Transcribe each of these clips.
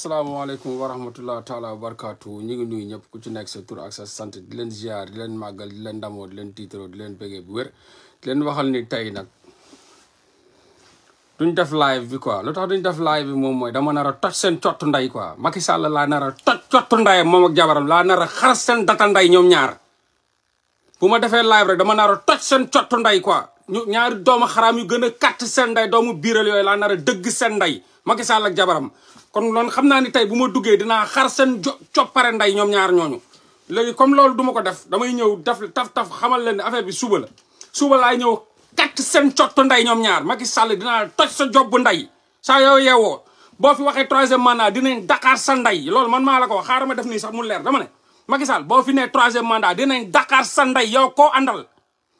asalaamaaleykum wa rahmatulah taalaa wa barakaatu ñu ngi nuyu ñëpp ku ci nekk se tur ak sa sant di leen ziar di leen màggal di leen ndamoo di leen tiitaroo di leen bëggee bu wér di leen waxal ni tey nag duñ def live bi quoi lu tax duñ def live bi moom mooy dama nara a seen cottu nday quoi Macky Sall laa nar a toj cottu ndayam moom ak jabaram laa nar a xar seen nday ñoom ñaar bu ma defee live dama nar a toj seen cottu nday ñaari doomu xaraam yu gën a kàtt seen doomu biiral yooyu laa nar a dëgg seen nday Macky Sall ak jabaram kon loolu xam naa ni tey bu ma duggee dinaa xar seen jo coppare nday ñoom ñaar ñooñu léegi comme loolu duma ko def damay ñëw def taf taf xamal leen ne affaire bi suba la suba laay ñëw katt seen cottu nday ñoom ñaar Macky Sall dinaa toj sa job bu nday saa yow yeewoo boo fi waxee troisième mandat dinañ daqaar sa nday loolu man maa la ko wax xaaral ma def nii sax mu leer dama ne Macky Sall boo fi nee troisième mandat dinañ daqaar sa nday yow koo àndal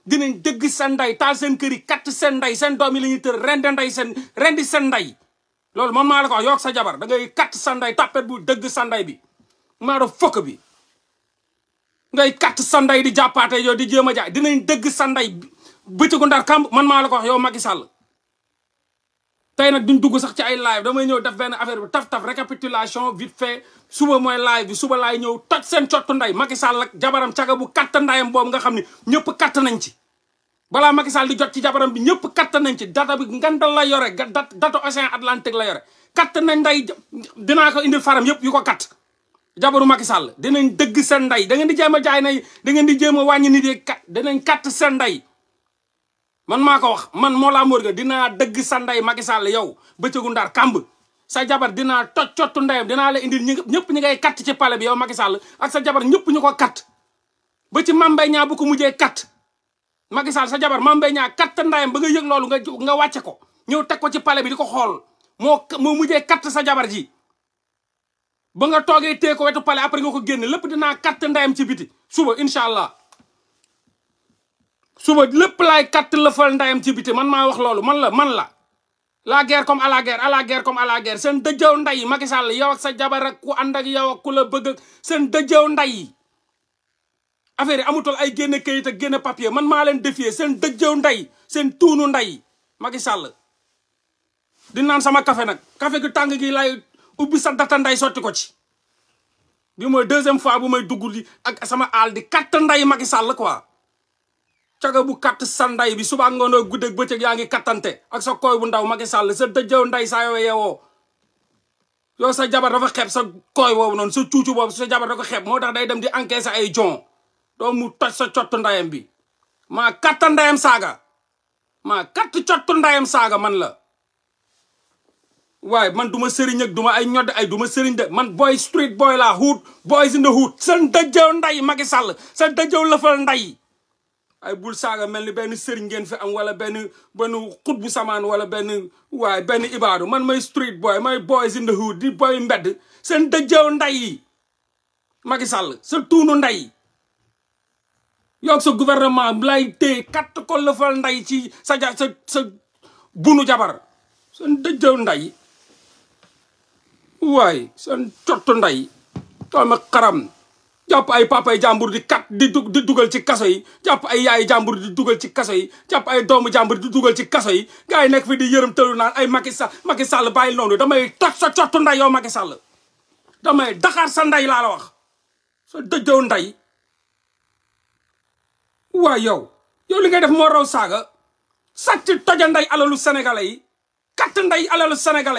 dinañ dëgg seen nday taal seen kër yi katt seen nday seen doo yi la ñuy tër rendi nday seen rendi seen nday loolu man maa la ko wax yokk sa jabar da ngay kat sanday tàppet bu dëgg sanday bi maa fokk bi ngay kat sanday di jàppaate yow di jéem a jaay dinañ dëgg sanday bëccëgu ndar kamb man maa la ko wax yow Macky Sall tey nag duñ dugg sax ci ay laay damay ñëw def benn affaire bi taf-taf récapitulation vite fait suba mooy live bi suba laay ñëw toj seen cottu nday Macky Sall jabaram caga bu katt ndayam boobu nga xam ne ñëpp katt nañ ci bala Macky Sall di jot ci jabaram bi ñepp kat nañ ci data bi ngandal la yore data océan Atlantique la yoré kat nañ nday dina ko indi faram yépp yu ko kat jabaru Macky Sall dinañ dëgg sen nday da ngeen di jema jaay nay da ngeen di jema a nit yi kat dinañ kat sen nday man mako wax man Mollah morga dina dëgg sa nday Macky Sall yow beccu ndar kamb sa jabar dina tot tot ndayam dina la indi ñepp ñi ngay kat ci palais bi yow Macky Sall ak sa jabar ñepp ñuko kat ba ci mambay Mbaye ko mujjé kat Macky Sall sa jabar Mame Mbaye kat ndayam ba nga yëg loolu nga nga wacce ko ñew tek ko ci palais bi diko xol mo mo mujjé kat sa jabar ji ba nga togué té ko wétu palais après nga ko génné lepp dina kat ndayam ci biti suba inshallah suba lepp lay kat le fal ndayam ci biti man ma wax lolou man la man la la guerre comme à la guerre à la guerre comme à la guerre sen dejeu nday Macky Sall yow ak sa jabar ak ku ànd ak yow ak ku la bëgg sen dejeu nday affaire yi amutal ay génne kayit ak génne papier man maa leen défier seen dëjjëw ndey seen tuunu ndey Macky Sall di naan sama café nag café gu tàng gi lay ubbi sa data ndey sotti ko ci bi mooy deuxième fois bu may dugg li ak sama aal di katt ndey Macky Sall quoi caga bu katt sa ndey bi suba ngoonoo ba bëccëg yaa ngi kattante ak sa koy bu ndaw Macky Sall sa dëjjëw ndey saa yoo yeewoo yow sa jabar dafa xeeb sa koy woowu noon sa cuucu boobu sa jabar dafa xeeb moo tax day dem di encaisser ay jon doomu toj sa cottu ndayam bi maa katta ndayam saaga maa katt cottu ndayam saaga man la waaye man duma sëriñ duma ay ñodd ay duma sëriñ de man boy street boy la hood boys in the hood seen dëjëw nday Macky Sall seen dëjëw nday ay bul saaga mel ni benn sëriñ ngeen fi am wala benn benn xut bu samaan wala benn waaye benn ibaadu man may street boy may boys in the hood di boy mbedd seen dëjëw nday Macky Sall sa tuunu nday yow sa gouvernement lay téye katt ko lëfal nday ci sa ja bunu jabar seen dëjjëw nday waay seen cott nday tooma xaram jàpp ay papay jàmbur di kat di dug di dugal ci kaso yi jàpp ay yaay jàmbur di dugal ci kaso yi jàpp ay doomu jàmbur di dugal ci kaso yi gars yi nekk fi di yërëm tëlu naan ay Macky Sall Macky Sall bàyyi damay toj sa cott nday yow Macky Sall damay daxaar sa nday laa la wax sa dëjjëw nday Wahyo, yow yow li ngay def mo raw saga sacc toja nday alalu sénégalais yi kat nday alalu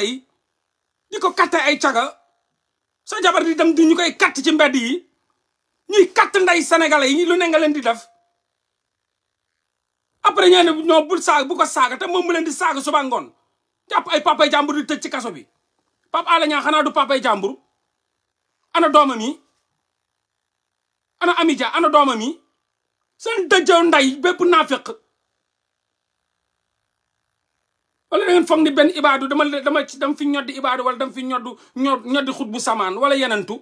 yi di ko katte ay tiaga sa jabar di dem di ñukay kat ci mbedd yi ñi kat nday sénégalais yi lu ne nga leen di def après ñeen no bul saga bu ko saga te mom mu leen di saga suba ngon japp ay papay di tecc ci kasso bi pap ala ñaa xana du papay jàmbur ana domami ana amidia ana domami sen dëjëw nday bepp nafiq wala ngeen foog ni ben ibadu dama dama ci dama fi ñoddi ibadu wala dama fi ñoddu ñoddi khutbu saman wala yenentu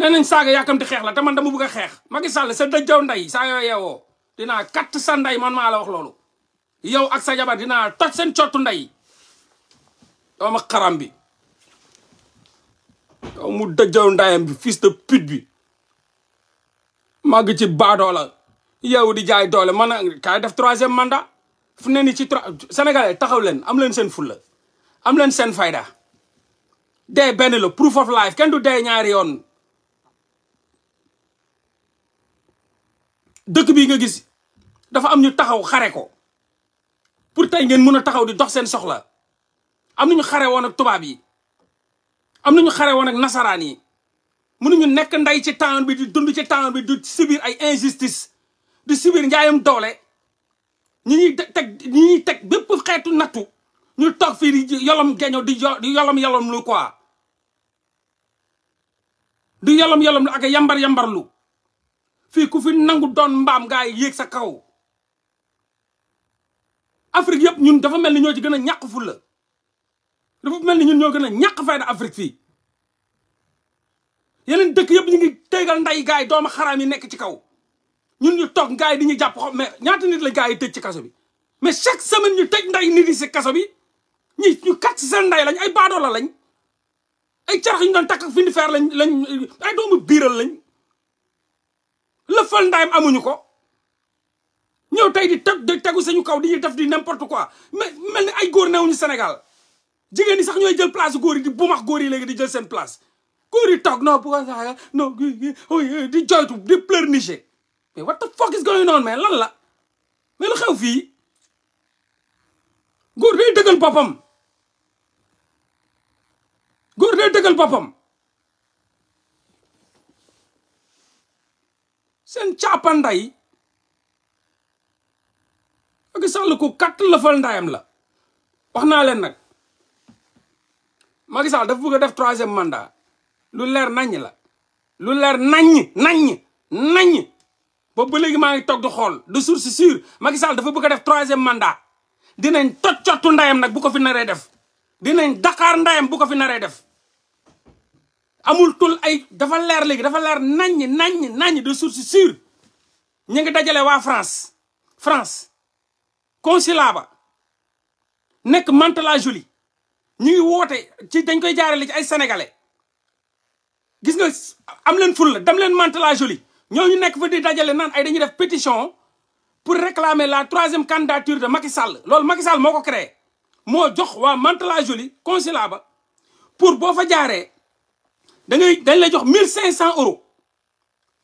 nenañ saga saaga yàkkamti xeex la te man dama bëgg xex magi Sall sa dëjëw nday sa yo yeewoo dina kat sa nday man ma la wax lolu yow ak sa jabar dina toj sen ciotu nday dama karam bi kaw mu dajjaw ndayam bi fils de pute bi màgg ci baadoola yow di jaay doole man kaay def troisième mandat fu ne ni ci trois sénégalais taxaw leen am leen seen fulla am leen seen fayda dee benn la proof of life kenn du dee ñaari yoon dëkk bi nga gis dafa am ñu taxaw xare ko pour tey ngeen mun a taxaw di dox seen soxla am nañu xare woon ak tubaab yi am nañu xaré won ak nasaraani yi ñu nekk nday ci temps bi di dund ci temps bi di subir ay injustice di subir njaayam doole ñi ñi tek ñi ñi tek bepp xeetu nattu ñu tok fi yolom geño di di yolom yolom lu quoi di yolom yolom lu ak yambar yambar lu fi ku fi nangu doon mbam gaay yek sa kaw Afrique yëpp ñun dafa melni ñoo ci gëna ñak fu la dafa mel ni ñun ñoo gën a ñàkk fayda Afrique fii yeneen dëkk yëpp ñu ngi tegal nday gaay doomu xaraam yi nekk ci kaw ñun ñu toog gaay di ñu jàpp xob mais ñaata nit la gaay yi tëj ci kaso bi mais chaque semaine ñu tëj nday nit yi si kaso bi ñi ñu kat ci seen nday lañ ay baadoola lañ ay carax ñu doon takk fi di feer lañ lañ ay doomu biiral lañ lëfal ndayam amuñu ko ñëw tey di teg di tegu sañu kaw di ñu def di n'importe quoi mais mel ni ay góor newuñu senegal jigéen ñi sax ñooy jël place góor yi di bumax góor yi léegi di jël seen place góor yi toog non bu ko euh, di non di joytu di pleurnicher mais what the fuck is going on mais lan la mais lu xew fii góor day dëggal boppam góor day dëggal boppam seen caapanday ak sàll ko katt lafal la wax naa leen nag Macky Sall dafa bëgg def def e mandat lu leer nañ la lu leer nañ nañ nañ ba ba légui ma ngi toog di xool de source sûre Macky Sall dafa bëgg def 3e mandat dinañ toj ndayam nag bu ko fi naré def dinañ Dakar ndayam bu ko fi naré def amul tul ay dafa leer légui dafa leer nañ nañ nañ de source sûre ñi nga dajalé wa France France consulat ba nek mantala Nous avons ci dañ koy ci ay sénégalais gis nga am leen ful la dem leen Mantes la Jolie ñooñu nekk di pétition pour réclamer la troisième candidature de Macky Sall que Macky Sall m'a créé moo jox waa un la Jolie consulat pour boo fa jaaree da ngay dañ lay jox 1500 euros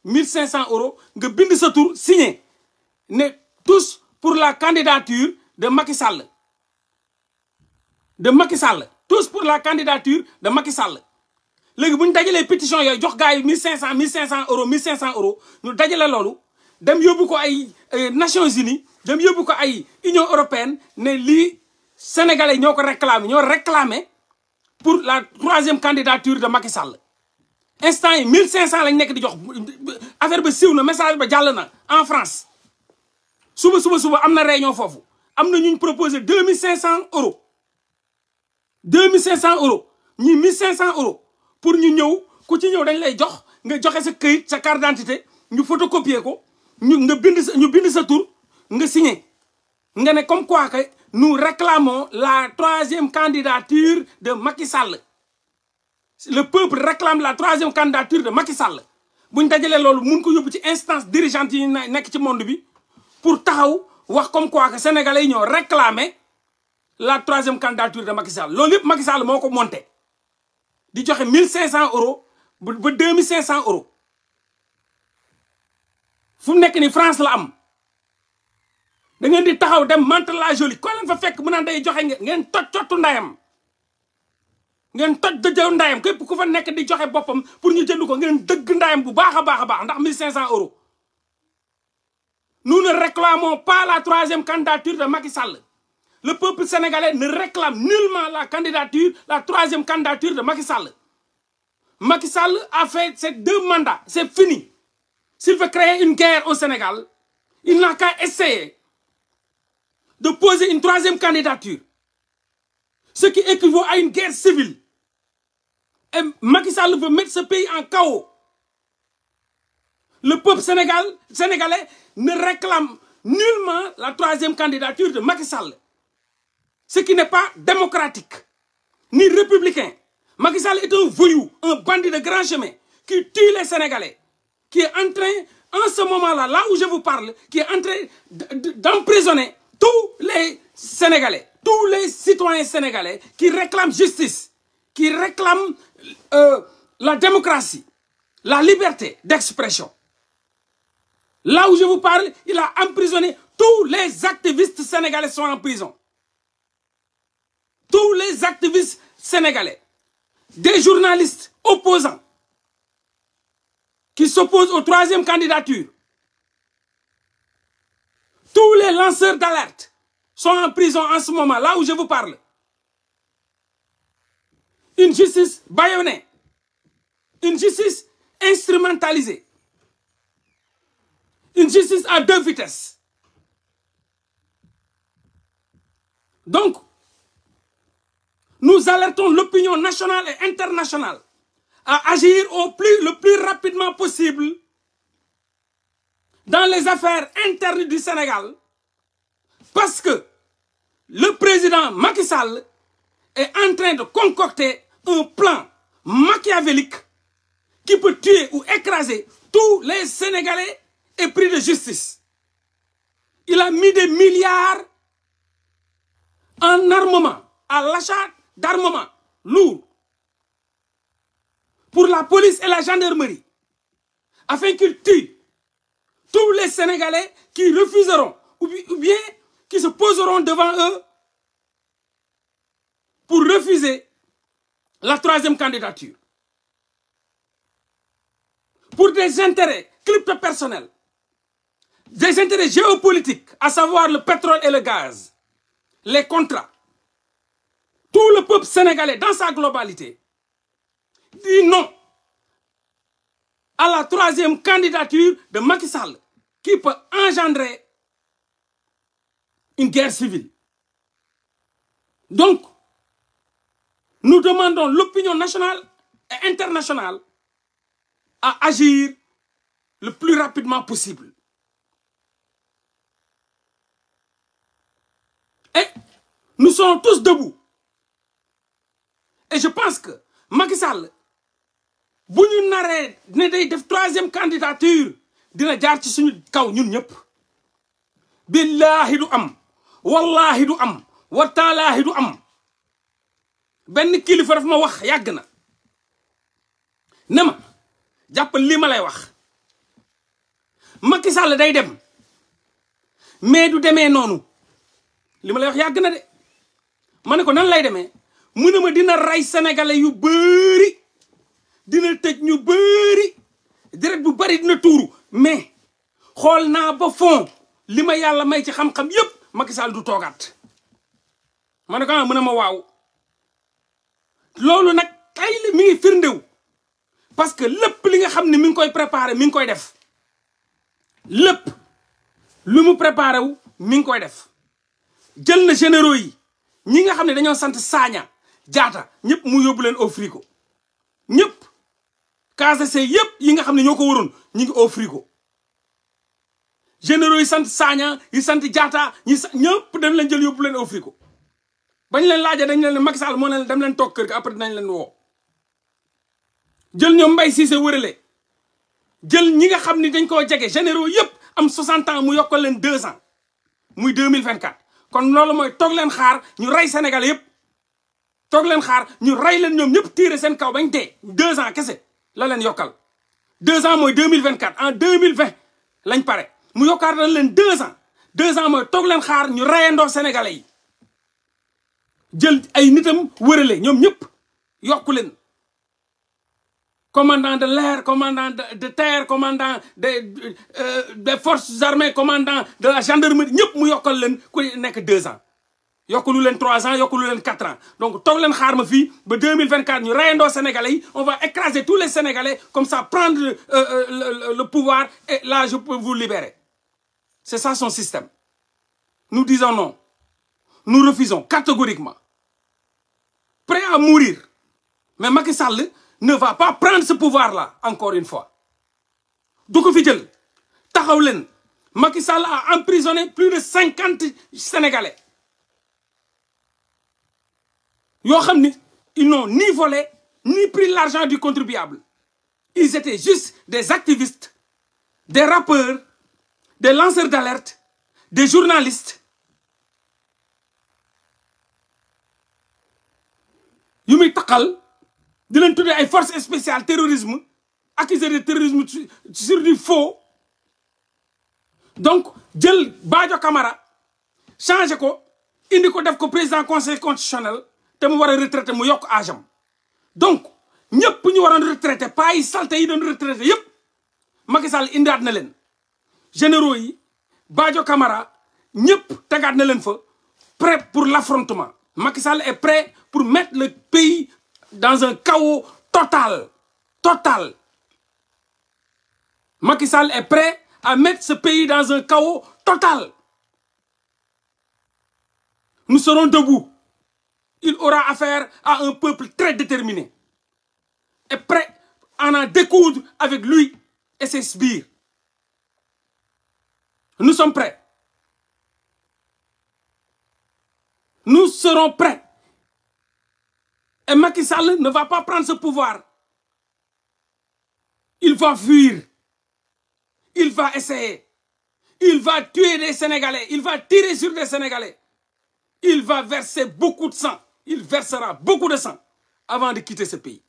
1500 euros nga bind sa tour signé tous pour la candidature de Macky Sall de Macky Sall tous pour la candidature de Macky Sall léegi gens ñu pétition 1500 1500 euros 1500 euros nous avons les dem ay Nations Unies dem avons Union européenne ne lii sénégalais nous ñoo pour la troisième candidature de Macky Sall. instant 1500 lañ nekk di jox affaire ba message ba en France souvent vous avez am réunion proposé 2500 euros. 2500 euros Ni 1500 euros pour ñu ñëw ku ci ñëw dañ lay jox nga joxe sa sa carte d'identité ñu photocopier ko ñu nga bind ñu bind sa comme quoi nous réclamons la troisième candidature de Macky Sall le peuple réclame la troisième candidature de Macky Sall Vous ñu dajalee loolu que ko yóbbu ci instance dirigeante yi nekk ci monde bi pour taxaw wax comme quoi que sénégalais ont réclamé la troisième candidature de Macky Sall Macky Sall monté euros euros France la am da ngeen di taxaw la jolie ko Vous mu day joxe ngeen ndayam ngeen le ndayam Vous fa pour Vous euros nous ne réclamons pas la troisième candidature de Macky Sall le peuple sénégalais ne réclame nullement la candidature, la troisième candidature de Macky Sall. Macky Sall a fait ses deux mandats, c'est fini. S'il veut créer une guerre au Sénégal, il n'a qu'à essayer de poser une troisième candidature. Ce qui équivaut à une guerre civile. Et Macky Sall veut mettre ce pays en chaos. Le peuple sénégal, sénégalais ne réclame nullement la troisième candidature de Macky Sall ce qui n'est pas démocratique ni républicain. Macky Sall est un voyou, un bandit de grand chemin qui tue les Sénégalais, qui est en train, en ce moment-là, là où je vous parle, qui est en train d'emprisonner tous les Sénégalais, tous les citoyens sénégalais qui réclament justice, qui réclament euh, la démocratie, la liberté d'expression. Là où je vous parle, il a emprisonné tous les activistes sénégalais sont en prison tous les activistes sénégalais, des journalistes opposants qui s'opposent aux troisième candidatures, tous les lanceurs d'alerte sont en prison en ce moment, là où je vous parle. Une justice baïonnée, une justice instrumentalisée, une justice à deux vitesses. Donc, nous alertons l'opinion nationale et internationale à agir au plus, le plus rapidement possible dans les affaires internes du Sénégal parce que le président Macky Sall est en train de concocter un plan machiavélique qui peut tuer ou écraser tous les Sénégalais et pris de justice. Il a mis des milliards en armement à l'achat d'armement lourd pour la police et la gendarmerie, afin qu'ils tuent tous les Sénégalais qui refuseront ou bien qui se poseront devant eux pour refuser la troisième candidature. Pour des intérêts crypto-personnels, des intérêts géopolitiques, à savoir le pétrole et le gaz, les contrats, tout le peuple sénégalais dans sa globalité dit non à la troisième candidature de Macky Sall qui peut engendrer une guerre civile. Donc, nous demandons l'opinion nationale et internationale à agir le plus rapidement possible. Et nous sommes tous debout et je pense que Macky Sall bu ñu naree ne day def troisième candidature dina jaar ci suñu kaw ñun ñëpp billaahi du am wallaahi du am wataalaahi du am benn kilifa daf ma wax yàgg na ne ma jàppal lii ma lay wax Macky Sall day dem mais du demee noonu li ma lay wax yàgg na de ma ne ko nan lay demee mu ne ma dina rey sénégalais yu bëri dina tëj ñu bëri deret bu bëri dina tuuru mais xool naa ba fond li ma yàlla may ci xam-xam yépp Macky Sall du toogaat ma ne ko ah, mu ne ma waaw loolu nag tey la mi ngi firndéw parce que lépp li nga xam ne mi ngi koy préparé mi ngi koy def lépp lu mu préparé wu mi ngi koy def jël na généraux yi ñi nga xam ne dañoo sant saaña jaata ñep mu yobul len au frigo ñëpp KCC yëpp yi nga xam ñoko ñoo ko waroon ñu ngi au frigo généraux yi sante saña yi sante jaata ñi ñep dañ leen jël yobul len au frigo bañ leen laaje dañ leen Macky Sall mo leen dem leen tok kër ga après dañ leen wo jël ñom mbay Cissé wërale jël ñi nga xam dañ ko jégué généraux yëpp am 60 ans mu yokol leen 2 ans muy 2024 kon lolu moy tok leen xaar ñu ray Sénégal yëpp. Nous leen xaar ñu ray deux ans quest la que yokal deux ans moy 2024. en 2020, mille lañ y mu deux ans deux ans Nous sommes leen xaar ñu reyandoo sénégalais yi jël ay nitam nous sommes yokku len commandant de l'air commandant de terre commandant euh, des forces armées commandant de la gendarmerie ñëpp mu yokal len ku deux ans y a trois ans y a quatre ans donc tout le monde nous fii ba 2024, 2024, nous sénégalais on va écraser tous les sénégalais comme ça prendre euh, euh, le pouvoir et là je peux vous libérer c'est ça son système nous disons non nous refusons catégoriquement prêt à mourir mais Macky Sall ne va pas prendre ce pouvoir là encore une fois Donc, ko fi Macky Sall a emprisonné plus de 50 sénégalais ils n'ont ni volé ni pris l'argent du contribuable ils étaient juste des activistes des rappeurs des lanceurs d'alerte des journalistes Ils Takal été di force ay forces spéciales terrorisme accusé de terrorisme sur du faux donc jël Badio Camara changé ko indi ko def ko président conseil constitutionnel te mu war a retraité mu yokk âge am donc ñëpp ñu waroon retraité pas yi salté yi doon retraité yëpp Macky Sall na leen généraux yi Badio Camara ñëpp tegaat na prêt pour l'affrontement Macky est prêt pour mettre le pays dans un chaos total total Macky est prêt à mettre ce pays dans un chaos total nous serons debout il aura affaire à un peuple très déterminé et prêt à en découdre avec lui et ses sbires. Nous sommes prêts. Nous serons prêts. Et Macky Sall ne va pas prendre ce pouvoir. Il va fuir. Il va essayer. Il va tuer les Sénégalais. Il va tirer sur les Sénégalais. Il va verser beaucoup de sang il versera beaucoup de sang avant de quitter ce pays.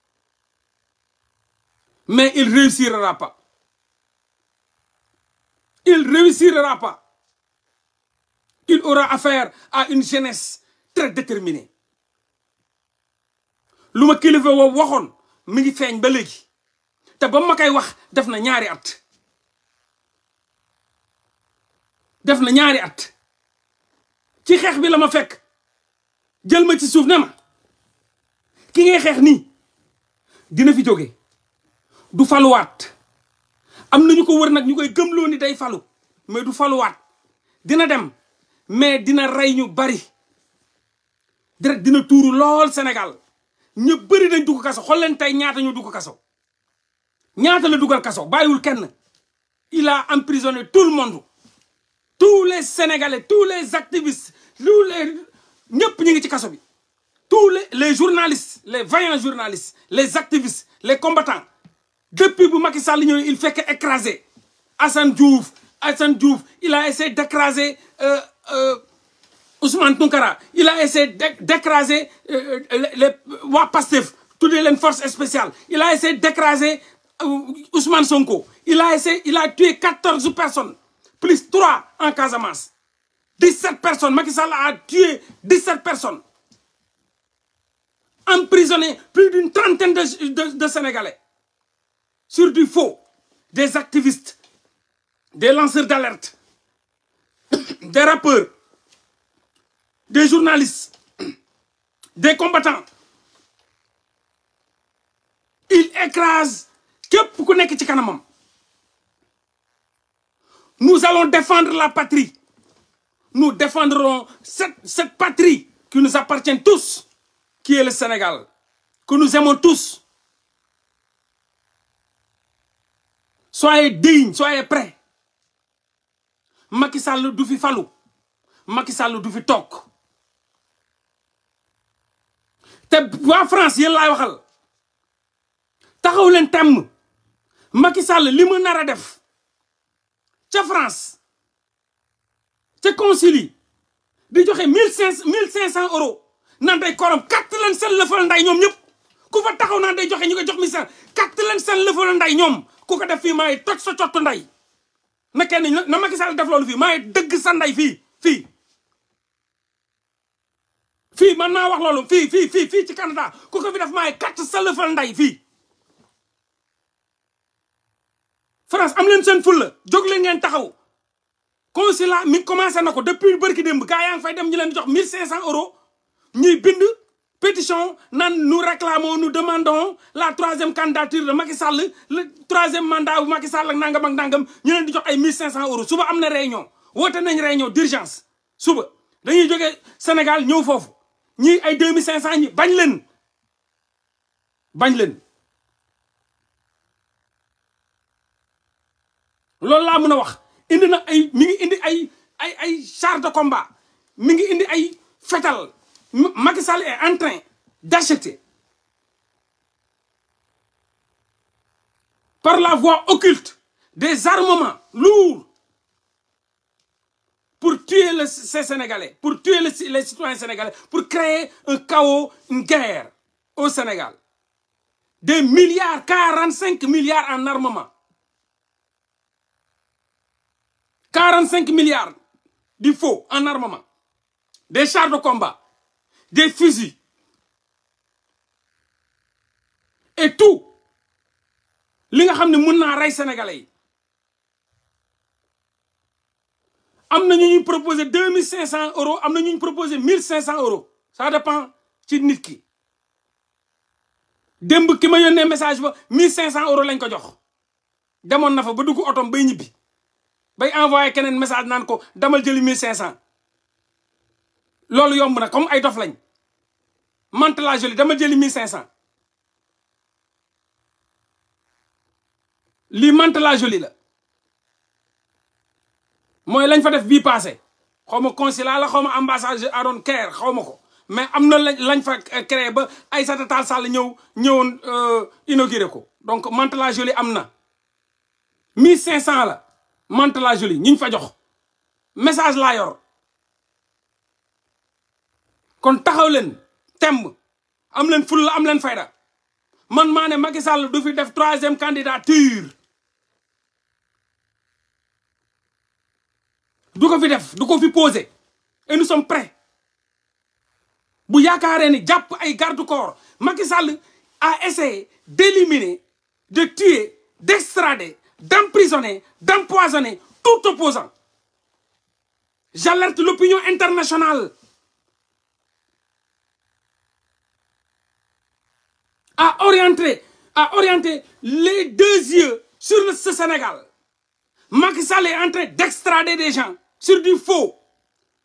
Mais il ne réussira pas. Il ne réussira pas. Il aura affaire à une jeunesse très déterminée. lu ma kilifa woo waxoon mi ngi ba léegi te ba ma koy wax def na ñaari at def ñaari at ci bi ma je ne ma ki ngay Qui est dina fi du am ko wër ni mais du dem mais dina bari dina lool Sénégal ñu bëri dañ dugg kaso qui leen tey ñaata ñu dugg kaso ñaata la dugal il a emprisonné tout le monde tous les Sénégalais tous les activistes tous les tous les journalistes les vaillants journalistes les activistes les combattants depuis bu il fait que écraser Diouf il a essayé d'écraser euh, euh, Ousmane Tonkara. Euh, il a essayé d'écraser les toutes toutes les spéciales. spéciales. il a essayé d'écraser Ousmane Sonko il a il a tué 14 personnes plus 3 en Casamance 17 personnes. Macky a tué 17 personnes. Emprisonné plus d'une trentaine de, Sénégalais. Sur du faux. Des activistes. Des lanceurs d'alerte. Des rappeurs. Des journalistes. Des combattants. Il écrase Nous allons défendre la patrie nous défendrons cette, patrie qui nous appartient tous, qui est le Sénégal, que nous aimons tous. Soyez dignes, soyez prêts. Macky Sall du fi ma Macky Sall du fi en France y'a la waxal taxaw leen temm Macky Sall li mu def France ca concile yi di joxe mille cinq mille cent euros naan day korom katt leen seen nday ñoom ñëpp ku fa taxaw naan day joxe ñu koy jox mille cinq katt leen seen lëfal nday ñoom ku ko def fii maay toj sa cottu nday na kenn na Macky Sall def loolu fii maay dëgg sa nday fii fii fii man naa wax loolu fii fii fii ci Canada ku ko fi def may katt sa lëfal nday fii France am leen seen fulla jóg leen ngeen taxaw consulat mi commencé depuis le demb fay dem 1500 euros bind pétition nous réclamons nous demandons la troisième candidature de Macky Sall le troisième mandat le Macky Sall ak nangam ak nangam ñu di jox 1500 euros suba réunion wote nañ réunion d'urgence suba dañuy Sénégal ñeu fofu ñi 2500 ñi bañ leen bañ indi de combat mi ngi indi ay est en train d'acheter par la voie occulte des armements lourds pour tuer les, ces Sénégalais, pour tuer les, les, citoyens sénégalais, pour créer un chaos, une guerre au Sénégal. Des milliards, 45 milliards en armement. 45 milliards du faux en armement, des chars de combat, des fusils, et tout. Ce que vous savez, c'est les Sénégalais. Nous avons proposé 2500 euros, nous avons proposé 1500 euros. Ça dépend de qui. qui m'a message un message, 1500 euros. Je suis venu à l'automne, bay envoyer un message nan ko damal 1500 lolou yomb na comme ay dof lañ mante 1500 li mante la joli la moy lañ fa def bii passé consulat la xawma ambassade I don't care ko mais amna lañ fa euh, créé ba Sall ñewon euh ko donc mante 1500 la. Mante la Jolie fa jox message la yor kon taxaw len temb am am len fayda man du fi troisième candidature du ko fi def du poser. et nous sommes prêts bu ni ay garde corps a essayé d'éliminer de tuer d'extrader d'emprisonner, d'empoisonner tout opposant. J'alerte l'opinion internationale. à orienter, à orienter les deux yeux sur ce Sénégal. Macky est en train d'extrader des gens sur du faux,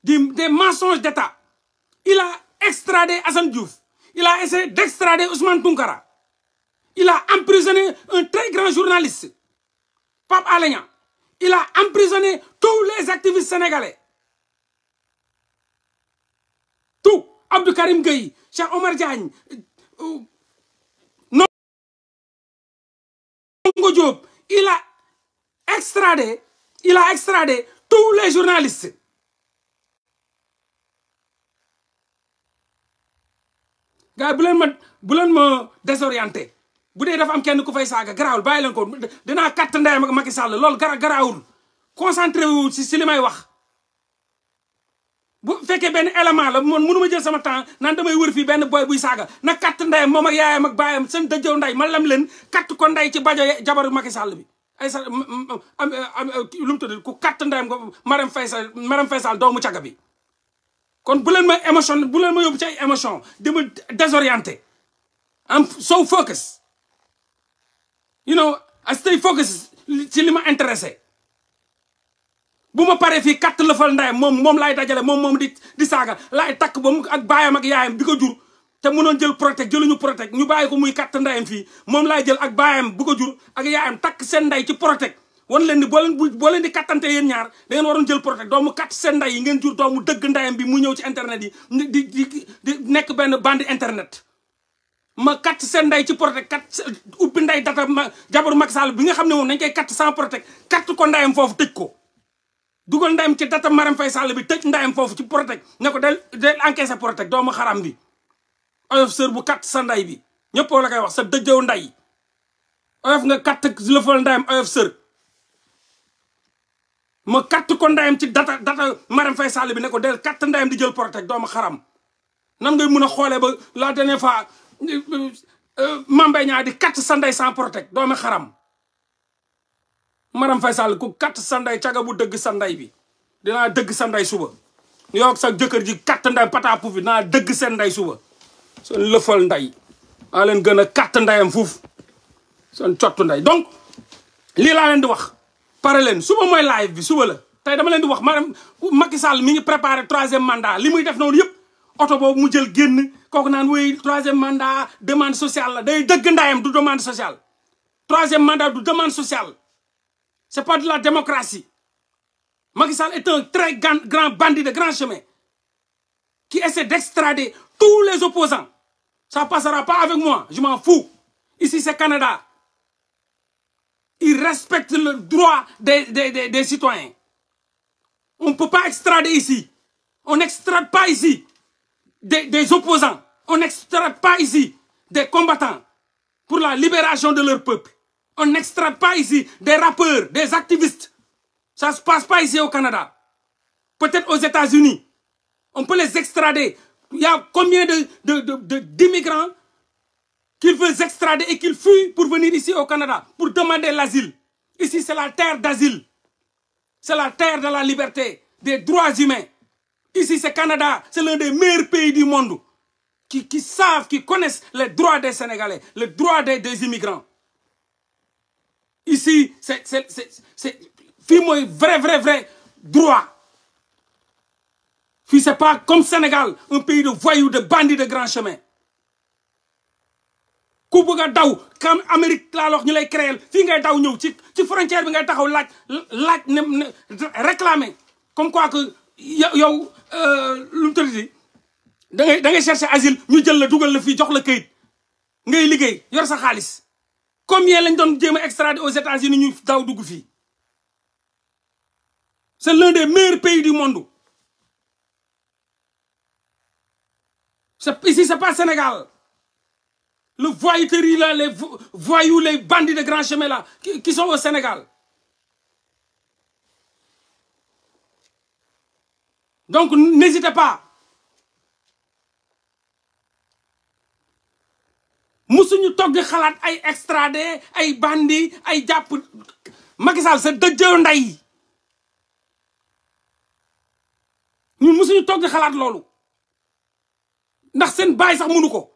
des mensonges d'État. Il a extradé Hassan Diouf. Il a essayé d'extrader Ousmane Tunkara. Il a emprisonné un très grand journaliste. Pape Il a emprisonné tous les activistes sénégalais. Tout. Abdou Karim Gueye, Cheikh Omar Diagne, euh, euh, il a extradé, il a extradé tous les journalistes. Gars, vous voulez me désorienter. bu dee dafa am kenn ku fay saaga garaawul baay leen ko dinaa katt ndeyam ak Macky Sall loolu gara garaawul concentré wu si si li may wax. bu fekkee benn élément la man mënu ma jël sama temps naan damay wër fii benn boy buy saaga na katt ndeyam moom ak yaayam ak baayam seen dëjëw nday ma lam leen katt ko nday ci bajo jabaru Macky Sall bi. ay sa lu mu tudd ku katt ndeyam ko Marème Faye Sall Marème Faye Sall doomu caga bi. kon bu leen ma émotion bu ma yóbbu ci ay émotion di ma désorienté am so focus. you know I stay focus ci li ma intéressé bu ma paree fi katt la fal ndayam moom moom laay dajale moom moom di di saaga laay takk ba ak baayam ak yaayam bi ko jur te munoon jël protect jëluñu protect ñu bàyyi ko muy katt ndayam fii moom laay jël ak baayam bu ko jur ak yaayam takk seen nday ci protect wan leen ni boo leen boo leen di kattante yéen ñaar da ngeen waroon jël protect doomu katt seen nday yi ngeen jur doomu dëgg ndayam bi mu ñëw ci internet yi di di di nekk benn bande internet ma kat seen ndey ci Protet kat ubbi ndey data ma jabaru Macky Sall bi nga xam ne moom nañ koy kat sans Protet kat ko ndeyam foofu tëj ko. dugal ndeyam ci data Marème Faye Sall bi tëj ndeyam foofu ci Protet ne ko del del doomu xaram bi. oyof bu kat sa ndey bi ñëppoo la koy wax sa dëjëw ndey oyof nga kat lëfal ndeyam oyof sër. ma kat ci data data Marème Faye Sall bi ne ko del kat ndeyam di jël Protet doomu xaram nan ngay mun a xoolee ba laa dernière fois. Euh, Mame Mbaye Niang di katt sa ndey sans protect doomi xaram Marème Faye Sall ku katt sa ndey caga bu dëgg sa ndey bi dinaa dëgg sa ndey suba yow sax jëkkër ji katt ndey pataapu bi dinaa dëgg seen ndey suba seen lëfal ndey maa leen gën a katt ndeyam fuuf seen cottu ndey donc lii laa leen di wax pare leen suba mooy live bi suba la tey dama leen di wax maanaam Macky sal mi ngi préparé troisième mandat li muy def noonu yëpp oto boobu mu jël génn troisième mandat demande sociale day demande sociale troisième mandat demande sociale c'est pas de la démocratie Macky est un très grand, bandit de grand chemin qui essaie d'extrader tous les opposants ça passera pas avec moi je m'en fous ici c'est Canada ils respectent le droit des citoyens on ne peut pas extrader ici on n'extrade pas ici des opposants on n'extrade pas ici des combattants pour la libération de leur peuple. On n'extrait pas ici des rappeurs, des activistes. Ça ne se passe pas ici au Canada. Peut-être aux États-Unis. On peut les extrader. Il y a combien d'immigrants de, qu'ils veulent extrader et qu'ils fuient pour venir ici au Canada, pour demander l'asile. Ici, c'est la terre d'asile. C'est la terre de la liberté, des droits humains. Ici, c'est Canada, c'est l'un des meilleurs pays du monde qui, savent, qui connaissent les droits des Sénégalais, les droits des, des immigrants. Ici, c'est vrai, vrai, vrai droit. ce c'est pas comme Sénégal, un pays de voyous, de bandits de grand chemin. Quand l'Amérique, a comme kam Amérique laa wax ñu lay créer fii ngay ci frontière bi ngay taxaw comme quoi que yow euh, da ngay chercher asile ñu jël la duggal la fi jox la kayit ngay liggéey yor sa combien lañ doon jéem a extrader aux États-Unis ñu daw dugg fi c'est l'un des meilleurs pays du monde ici c'est pas Sénégal le voyouterie là les voyous les bandits de grand chemin là qui sont au Sénégal donc n'hésitez pas musuñu toog di xalaat ay extradé ay bandi ay jàpp Macky Sall sa dëjëw ndey ñun musuñu toog di xalaat loolu ndax seen baay sax mënu ko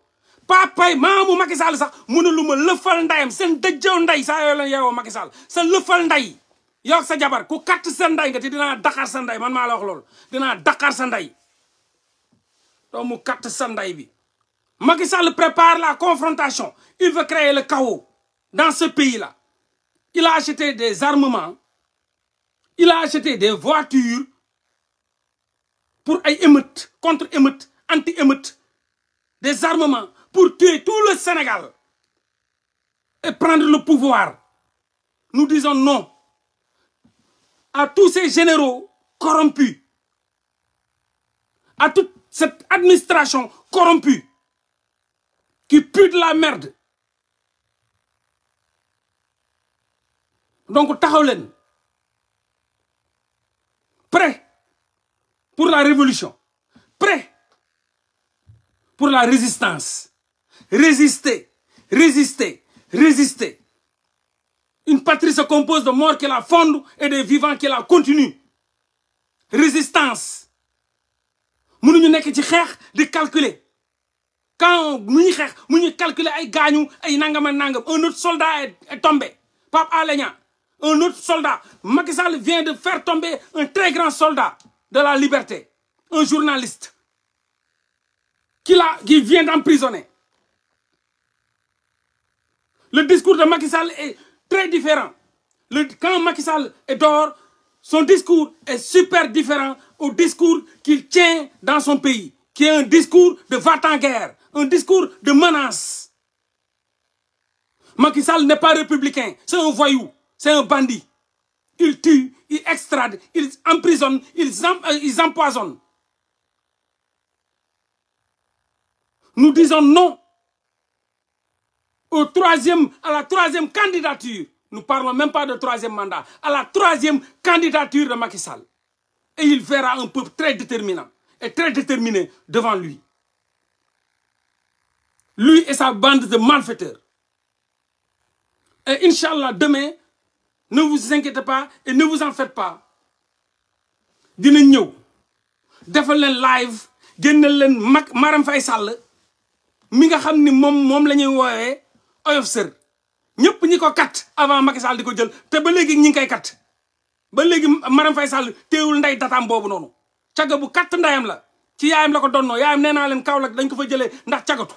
papay maamu Macky Sall sax mënu lu ma lëfal ndeyam seen dëjëw ndey saa yoo leen yeewoo Macky Sall sa lëfal ndey yow sa jabar ku katt sa ndey nga te dinaa daqar sa ndey man maa la wax loolu dinaa daqar sa ndey mu katt sa nday bi Macky Sall prépare la confrontation. Il veut créer le chaos dans ce pays-là. Il a acheté des armements. Il a acheté des voitures pour aller contre-émeutes, anti-émeutes. Des armements pour tuer tout le Sénégal et prendre le pouvoir. Nous disons non à tous ces généraux corrompus, à toute cette administration corrompue qui pue de la merde donc taxaw prêt pour la révolution prêt pour la résistance résister résister résister une patrie se compose de morts qui la fondent et de vivants qui la continuent résistance Nous que ci de calculer quand nous nous calculé nous, un autre soldat est tombé Pape un autre soldat Macky Sall vient de faire tomber un très grand soldat de la liberté un journaliste qui vient d'emprisonner le discours de Macky Sall est très différent quand Macky Sall est dehors son discours est super différent au discours qu'il tient dans son pays qui est un discours de va ans en guerre un discours de menace. Macky Sall n'est pas républicain, c'est un voyou, c'est un bandit. Il tue, il extrade, il emprisonne, il, euh, empoisonne. Nous disons non au troisième, à la troisième candidature. Nous ne parlons même pas de troisième mandat. À la troisième candidature de Macky Sall. Et il verra un peuple très déterminant et très déterminé devant lui lui et sa bande de malfaiteurs. Et Inch'Allah, demain, ne vous inquiétez pas et ne vous en faites pas. dina ñew live leen maram fay Sall mi nga xamni mom mom lañuy oyof de kat avant Macky Sall te ba légui ñing kay kat ba légui maram fay Sall téwul nday datam bobu nonu bu kat ndayam la ci yaayam la ko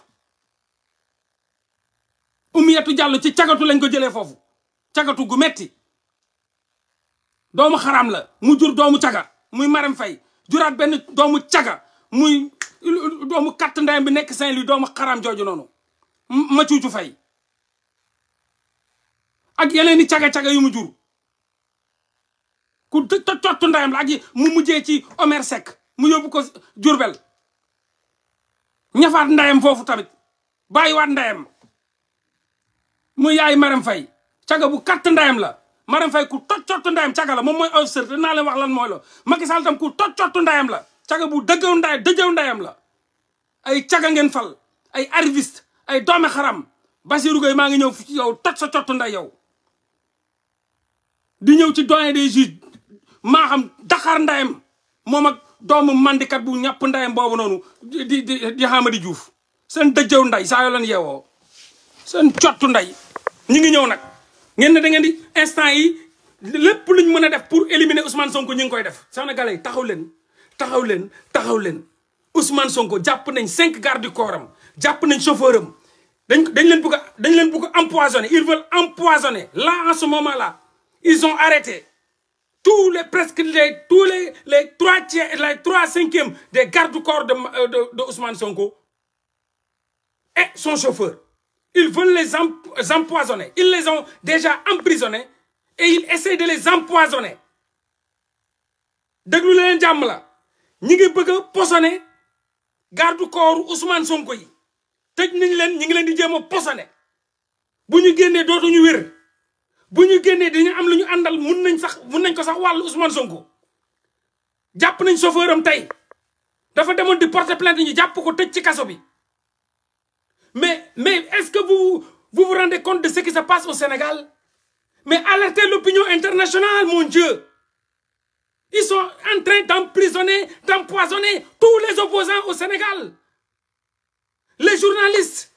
Oumiatou Diallo ci cagatu lañ ko jëlee foofu cagatu gu metti doomu xaram la mu jur doomu caga muy Marème fay juraat benn doomu caga muy doomu katt ndeyam bi nekk Saint-Louis doomu xaraam jooju noonu ma cuucu fay ak yeneeni caga-caga yu mu jur ku cottu ndeyam la ak mu mujjee ci Omer Seck mu yóbbu ko Jurbel ñafaat ndeyam foofu tamit bàyyiwaat ndeyam mu yaay Marème Faye caga bu katt ndayam la Marème Faye ku toj cottu ndayam caga la moom mooy auditeur dinaa leen wax lan mooy la Macky Sall tam ku toj cottu ndayam la caga bu dëggaw nday ndayam la ay caga ngeen fal ay arriviste ay doome xaram Bassirou Gueye maa ngi ñëw fi ci yow toj sa cottu nday yow di ñëw ci doyen des juges maa xam Dakar ndayam moom ak doomu mandikat bu ñàpp ndayam boobu noonu di di di Hamadi Diouf seen dëjëw nday sa yoo leen yeewoo seen cottu nday ñi ngi ñëw nag ngeen da ngeen di instant yi lepp luñ mëna def pour éliminer Ousmane Sonko ñi ngi koy def. Sénégalais galay taxaw leen taxaw leen taxaw leen Ousmane Sonko japp nañ 5 gardes du corps japp nañ chauffeuram dañ dañ leen bëgg dañ leen bëgg empoisonner ils veulent empoisonner là en ce moment là ils ont arrêté. tous les presque les tous les les trois tiers les 5 cinquièmes des gardes du corps de euh, de de Ousmane Sonko et son chauffeur ils veulent les empoisonner. Ils les ont déjà emprisonnés et ils essaient de les empoisonner. que jam la ñi ngi bëgg a garde corps Ousmane Sonko yi ñi ngi di ñu dañu am nañ sax nañ ko sax Ousmane Sonko japp nañ chauffeuram tay dafa di porter plainte ko ci mais, mais est-ce que vous, vous vous rendez compte de ce qui se passe au Sénégal Mais alertez l'opinion internationale, mon Dieu Ils sont en train d'emprisonner, d'empoisonner tous les opposants au Sénégal. Les journalistes,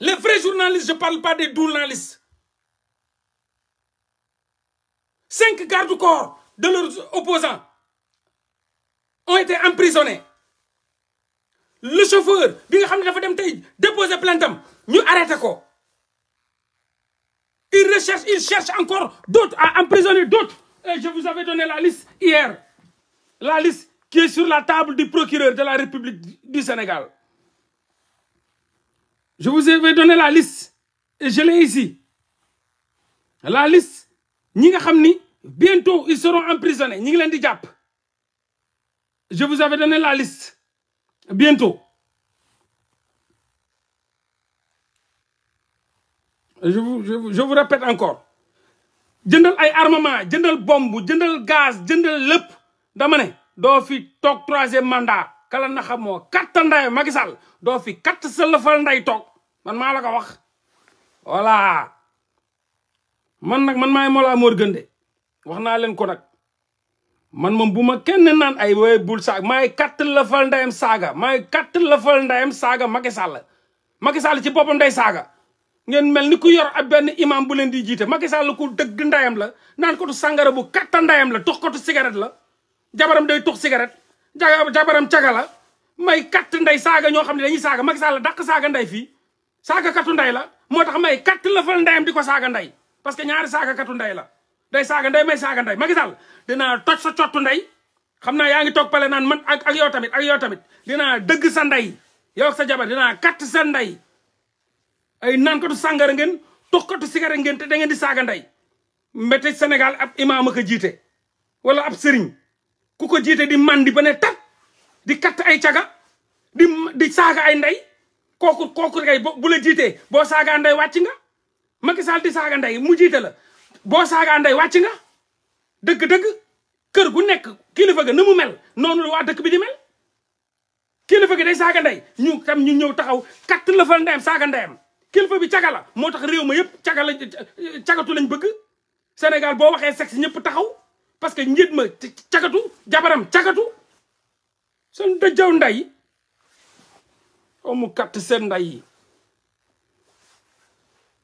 les vrais journalistes, je ne parle pas des journalistes. Cinq gardes-corps de leurs opposants ont été emprisonnés le chauffeur bi nga d'hommes, dafa déposer arrêté ko il recherche il cherche encore d'autres à emprisonner d'autres je vous avais donné la liste hier la liste qui est sur la table du procureur de la République du Sénégal je vous avais donné la liste et je l'ai ici la liste ñi nga bientôt ils seront emprisonnés ñi ngi je vous avais donné la liste Bientôt. Je vous, je vous, je vous répète encore. jëndal ay armement jëndal bombe jëndal gaz jëndal lépp dama ne doo fi toog troisième mandat kala na xamoo katt nday Macky Sall fi katt sa nday tok. man maa la ko wax voilà man nak man may Mollah Morgun de wax naa len ko nak. man moom bu ma kenn naan ay way bul saaga maay katt la fal ndayam saaga maay katt la fal ndayam saaga Macky Sall Macky Sall ci boppam day saaga ngeen mel ni ku yor ab benn imam bu leen di jiite Macky Sall ku dëgg ndayam la naan kotu sàngara bu katta ndayam la kotu cigarette la jabaram day tux cigarette jaga jabaram caga la may katt ndey saaga ñoo xam ne dañuy saaga Macky Sall dàq saaga ndey fii saaga katu ndey la moo tax may katt la fal ndayam di ko saaga ndey parce que ñaari saaga katu nday la day saaga nday may saaga nday Macky Sall dinaa toj sa cottu nday xam naa yaa ngi toog pale naan man ak ak yow tamit ak yow tamit dinaa dëgg sa ndey yow sa jabar dinaa kat sa ndey ay naankatu sàngara ngeen tuxkatu sigara ngeen te da di saaga ndey mbete senegal ab imaam a jiite wala ab sëriñ ku ko jiite di mandi ba ne tat di katt ay caga di di saaga ay ndey kooku kooku kay bu la jiitee boo saagaa ndey wàcc nga Macky Sall di saaga ndey mu jiite la boo saagaa ndey wàcc nga dëgg-dëgg kër gu nekk kilifa ga na mu mel noonu la waa dëkk bi di mel kilifa gi dey saaga ndey ñu tam ñu ñëw taxaw katt la fa ndeyam saaga ndeyam kilifa bi caga moo tax réew ma yëpp caga la cagatu lañ bëgg Sénégal boo waxee sexe ñëpp taxaw parce que njiit ma cagatu jabaram cagatu seen dëjjaw ndey amu katt seen ndey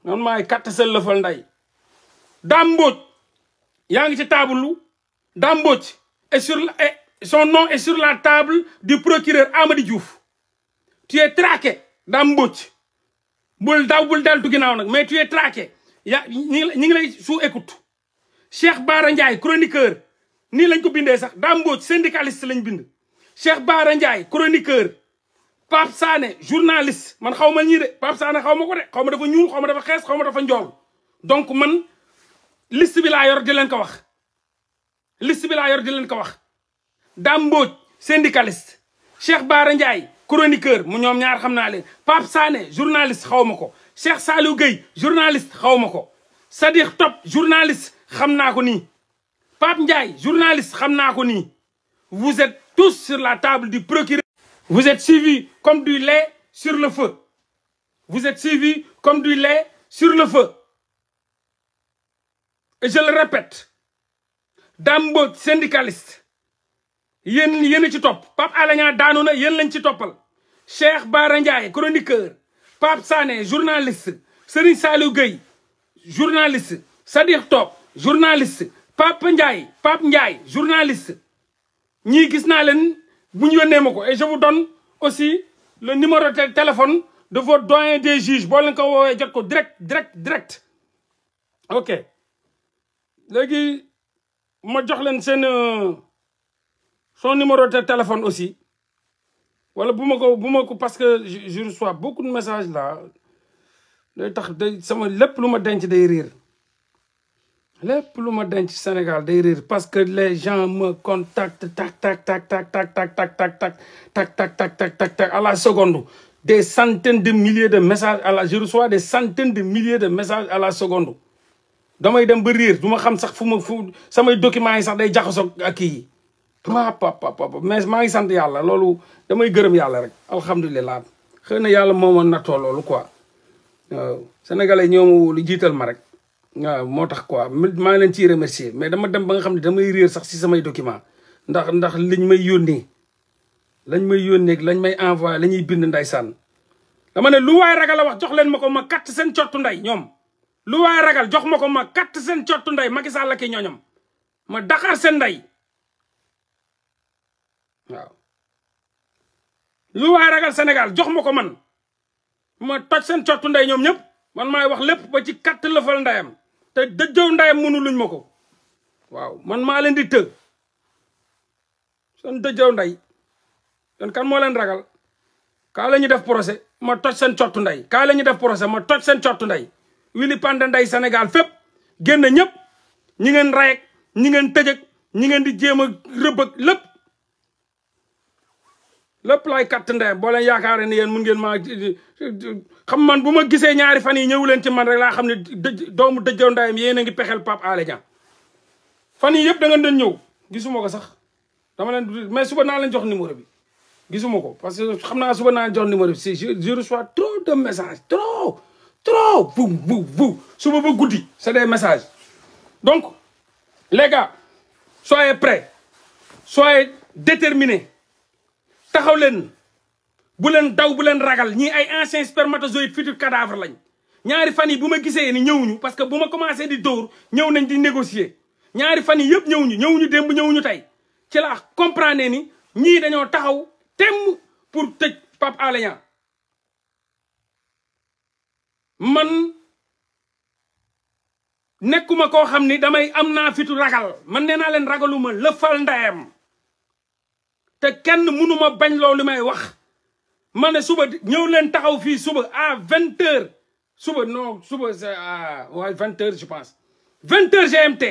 noonu maay katt seen lëfal ndey daam mbóot yaa ci table lu et sur son nom est sur la table du procureur Amady Diouf tu es traqué Dambodj bul daw bul deltu ginnaaw nak mais tu es traqué yaa ñi ngi lay sous écoute Cheikh Bara Ndiaye chroniqueur ni lañ ko bindé sax Dambodj syndicaliste lañ bind Cheikh Bara Ndiaye chroniqueur Pape Sané journaliste man xawma ma dé de Pape Sané xaw ma ko de xaw dafa ñuul xawma dafa xees xawma dafa njool donc man liste de la yor di len ko wax liste bi la yor di len ko wax syndicaliste Cheikh Bara chroniqueur mu ñaar xamna Pape Sané journaliste xawmako Cheikh Gueye journaliste xawmako sadikh Sadiq Top journaliste xamna ko Pape Ndiaye journaliste xamna vous êtes tous sur la table du procureur vous êtes suivis comme du lait sur le feu vous êtes suivis comme du lait sur le feu et je le répète Dambot syndicaliste y'en y'en ci top Pape Alé Niang na Cheikh chroniqueur pap Sané journaliste Serigne Salou Gueye journaliste Sadir Top journaliste pap Ndiaye Pap Ndiaye journaliste ñi gis na len et je vous donne aussi le numéro de téléphone de votre doyen des juges bo len ko direct direct direct ok léegi ma jox leen son numéro de téléphone aussi wala parce que je reçois beaucoup de messages là day tax sama Sénégal parce que les gens me contactent tac tac tac tac tac tac tac tac tac tac tac tac tac tac tac à la seconde des centaines de milliers de messages à la je reçois des centaines de milliers de messages à la seconde damay dem ba réer du ma xam sax fu ma fu samay documents yi sax day jaxasoo ak kii yi ma papa papa mais maa ngi sant yàlla loolu damay gërëm yàlla rek alhamdulilah xëy na yàlla moo ma nattoo loolu quoi waaw sénégalais ñoom lu jiital ma rek waaw moo tax quoi maa ngi leen ciy remercier mais dama dem ba nga xam ni damay réer sax si samay document ndax ndax liñ may yónnee lañ may yónnee lañ may envoyé la ñuy bind nday sànn dama ne lu waay ragal a wax jox leen ma ko ma katt seen cottu nday ñoom lu waay ragal jox ma ko ma katt seen cottu ndey Macky Sall ak ñoñom ma daxar seen ndey waaw lu waay ragal Sénégal jox ma ko man ma toj seen cottu ndey ñoom ñëpp man maay wax lépp ba ci katt lëfal ndeyam te dëjjëw ndeyam mënu luñ ma ko waaw man maa leen di të seen dëjëw ndey seen kan moo leen ragal kaa la ñu def procès ma toj seen cottu ndey kaa la ñu def procès ma toj seen cottu ndey Willy Pande nday Sénégal fépp génn ñëpp ñi ngeen rayek ñi ngeen tëjëk ñi ngeen di jéem a rëbbëg lépp lépp laay katt ndee boo leen yaakaare ni yéen mun ngeen maa xam man bu ma gisee ñaari fan yi ñëw leen ci man rek laa xam ne dëj doomu dëjoo ndayam yéen a ngi pexeel Pape Alé Niang fan yi yëpp da ngeen doon ñëw gisuma ko sax dama leen mais suba naa leen jox numéro bi gisuma ko parce que xam naa suba naa leen jox numéro bi si je reçois trop de messages trop trop vous vous vous suba ba guddi c'est des messages donc les gars soyez prêts soyez déterminés taxaw leen bu leen daw bu leen ragal ñii ay ancien spermatozoïde futur cadavre lañ ñaari fan yi bu ma ni ñëwuñu parce que bu commencé di dóor ñëw nañ di négocier ñaari fan yi yëpp ñëwuñu ñëwuñu démb ñëwuñu tey ci laa comprendre ni ñii dañoo taxaw temm pour man nekkuma koo xam ni damay am naa fitu ragal man nee naa leen ragaluma lëfal ndeyam te kenn mënuma bañ loo li may wax ma ne suba ñëw leen taxaw fii suba à vingt suba non suba c'est à waaye vingt heures je pense vingt heures GMT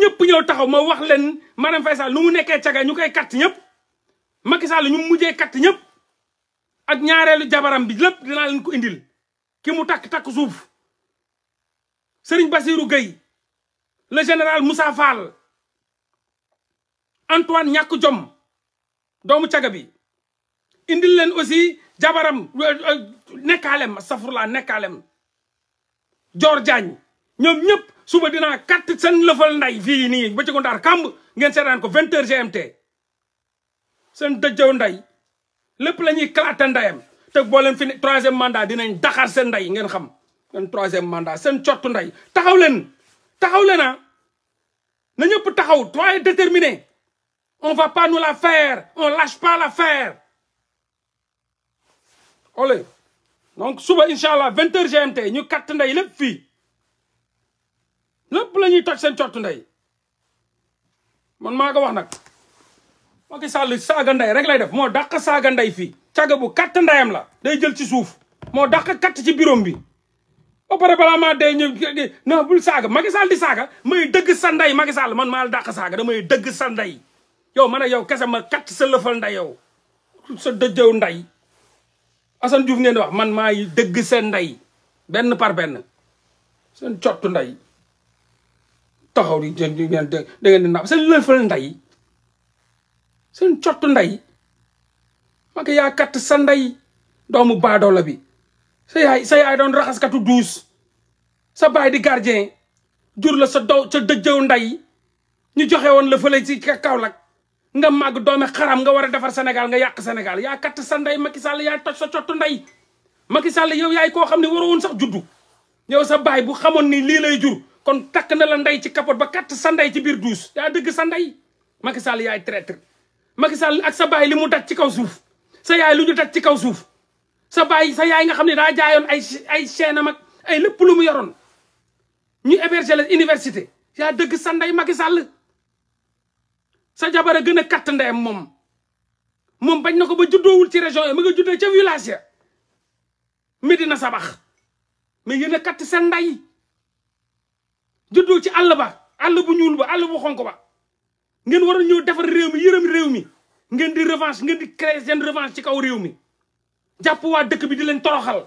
ñëpp ñëw taxaw ma wax leen Marième Faye Sall nu mu nekkee caga ñu koy katt ñëpp Macky Sall ñu mujjee katt ñëpp ak ñaareelu jabaram bi lépp dinaa leen ko indil ki mu takk takk suuf sëriñ Bassirou Gueye la général Moussa Fall Antoine ñàkk jom doomu caga bi indil leen aussi jabaram euh, euh, nekkaalem safurlaa nekkaalem Dior Diagne ñoom ñëpp suba dinaa katt seen lëfal nday fii nii ba ci kàmb ngeen seetaan ko vingt heures GMT seen dëjjëw nday lépp lañuy ñuy claata te boo leen fi ne troisième mandat dinañ dakar sen ndey ngeen xam ngeen troisième mandat sen cottu nday taxaw len taxaw leen ah. na ñëpp taxaw soyez déterminé on va pas nous la faire on lâche pas l'affaire ole donc suba inshallah 20h GMT ñu kat nday lepp fi lepp lañuy tax sen seen nday ndey man maa wax nak Macky Sall saga nday rek lay def mo dàq saga nday fi caga bu katt la day jël ci suuf moo dàq katt ci biroom bi ba pare balaa maa dee ñëw na bul saaga Macky di saaga may dëgg sa nday Macky Sall man maa la dàq damay dëgg sa yow man a yow kese ma katt sa lëfal nday yow sa dëjëw nday Assane Diouf ngeen di wax man maay dëgg seen nday benn par benn seen cottu nday taxaw di ngeen da ngeen di naaw seen lëfal nday ma ko yaa katt sa ndey doomu baadoola bi sa yaay sa yaay doon sa baay di gardien jur la sa dow sa dëjjëw ndey ñu joxe woon la fële ci Kaolack nga màgg doome xaram nga war a defar Sénégal nga yàq Sénégal yaa katt sa ndey Macky Sall yaa toj sa cottu ndey Macky Sall yow yaay koo xam ne waroon sax juddu yow sa baay bu xamoon ni lii lay jur kon takk na la ndey ci kapoot ba katt sa ndey ci biir duus yaa dëgg sa ndey Macky Sall yaay traître Macky ak sa baay li mu daj ci kaw suuf sa yaay lu ñu teg ci kaw suuf sa baay sa yaay nga xam ne daa jaayoon ay ay chaîne am ak ay lépp lu mu yoroon ñu héberger la université yaa dëgg sa ndey Macky Sall sa jabar a gën a katt ndeyam moom moom bañ na ko ba juddoowul ci région yi ma nga juddee ca village ya Medina Sabax mais yéen a katt seen ndey juddoo ci àll ba àll bu ñuul ba àll bu xonk ba ngeen waroon ñu defar réew mi yërëm réew mi ngeen di revanche ngeen di créer sen revanche ci kaw rew mi japp wa dekk bi di len toroxal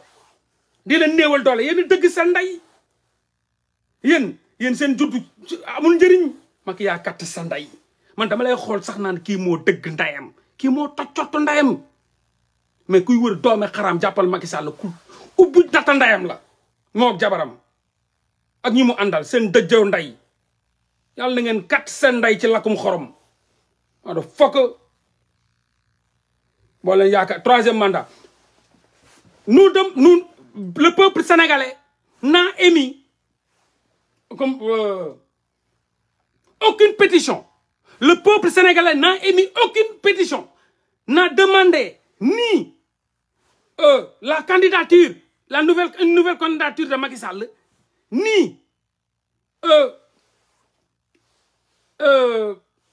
di len neewal doole yeen deug sa nday yeen yeen sen juddu amul njeriñ mak ya kat sa nday man dama lay xol sax nan ki mo deug ndayam ki mo toccott ndayam mais kuy wër doome xaraam jàppal Macky Sall ku ubbu data ndayam la mo jabaram ak ñimu mu sen sen nday yalla yang ngeen kat sa nday ci lakum xorom ado troisième mandat nous le peuple sénégalais n'a émis euh, aucune pétition le peuple sénégalais n'a émis aucune pétition n'a demandé ni euh, la candidature la nouvelle une nouvelle candidature de Macky Sall ni euh,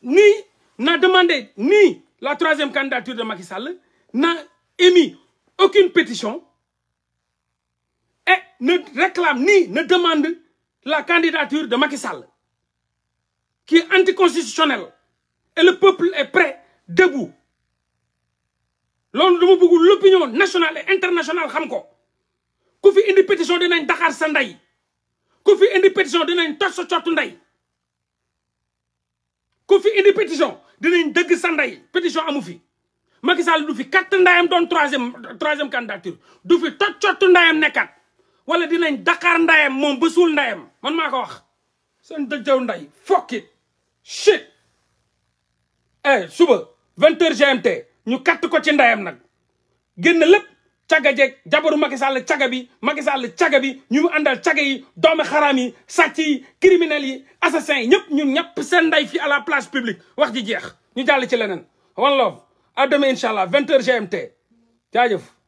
ni n'a demandé ni la troisième candidature de Macky Sall n'a émis aucune pétition et ne réclame ni ne demande la candidature de Macky Sall, qui est anticonstitutionnelle. Et le peuple est prêt, debout. L'opinion nationale et internationale, qui fait une pétition de Dakar Sandaï, qui fait une pétition de Tosso Tchotundaï, qui fait une pétition de Dag Sandaï, pétition Moufi. Macky Sall du fi katt ndayam doon troisième troisième candidature du fi toj cottu ndayam nekkat wala dinañ Dakar ndayam moom ba suul ndayam man maa ko wax seen dëjëw nday fokkit shit eh suba vingt heures GMT ñu katt ko ci ndayam nag génn lépp caga jeeg jabaru Macky Sall caga bi Macky Sall caga bi ñu mu àndal yi doomi xaraam yi sàcc yi criminels yi assassins yi ñëpp ñun ñëpp seen nday fii à la place publique wax ji jeex ñu jàll ci leneen one à demain incha allah vingt heures GMT jaajëf.